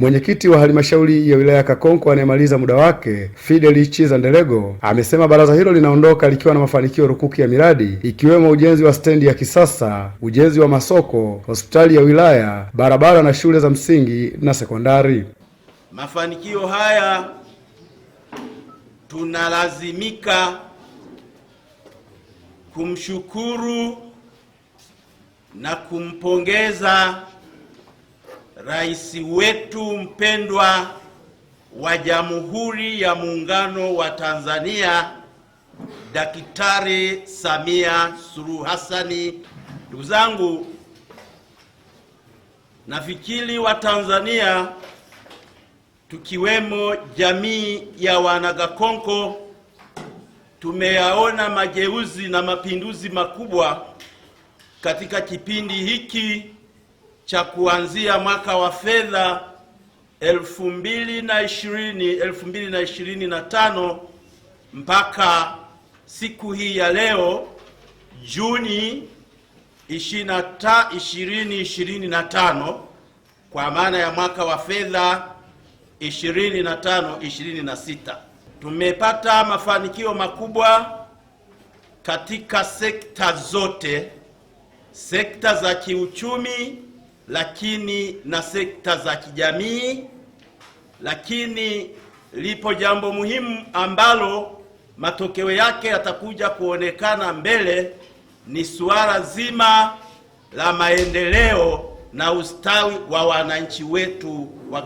Mwenyekiti wa halmashauri ya wilaya ya Kakonko anayemaliza muda wake Fidel Chiza Ndelego amesema baraza hilo linaondoka likiwa na mafanikio rukuki ya miradi ikiwemo ujenzi wa stendi ya kisasa, ujenzi wa masoko, hospitali ya wilaya, barabara na shule za msingi na sekondari. Mafanikio haya tunalazimika kumshukuru na kumpongeza Rais wetu mpendwa wa Jamhuri ya Muungano wa Tanzania Daktari Samia Suluhu Hassani. Ndugu zangu, nafikiri Watanzania tukiwemo jamii ya Wanagakonko tumeyaona mageuzi na mapinduzi makubwa katika kipindi hiki cha kuanzia mwaka wa fedha 2020 2025 mpaka siku hii ya leo Juni 2025 kwa maana ya mwaka wa fedha 25 26 tumepata mafanikio makubwa katika sekta zote, sekta za kiuchumi lakini na sekta za kijamii, lakini lipo jambo muhimu ambalo matokeo yake yatakuja kuonekana mbele, ni suala zima la maendeleo na ustawi wa wananchi wetu wa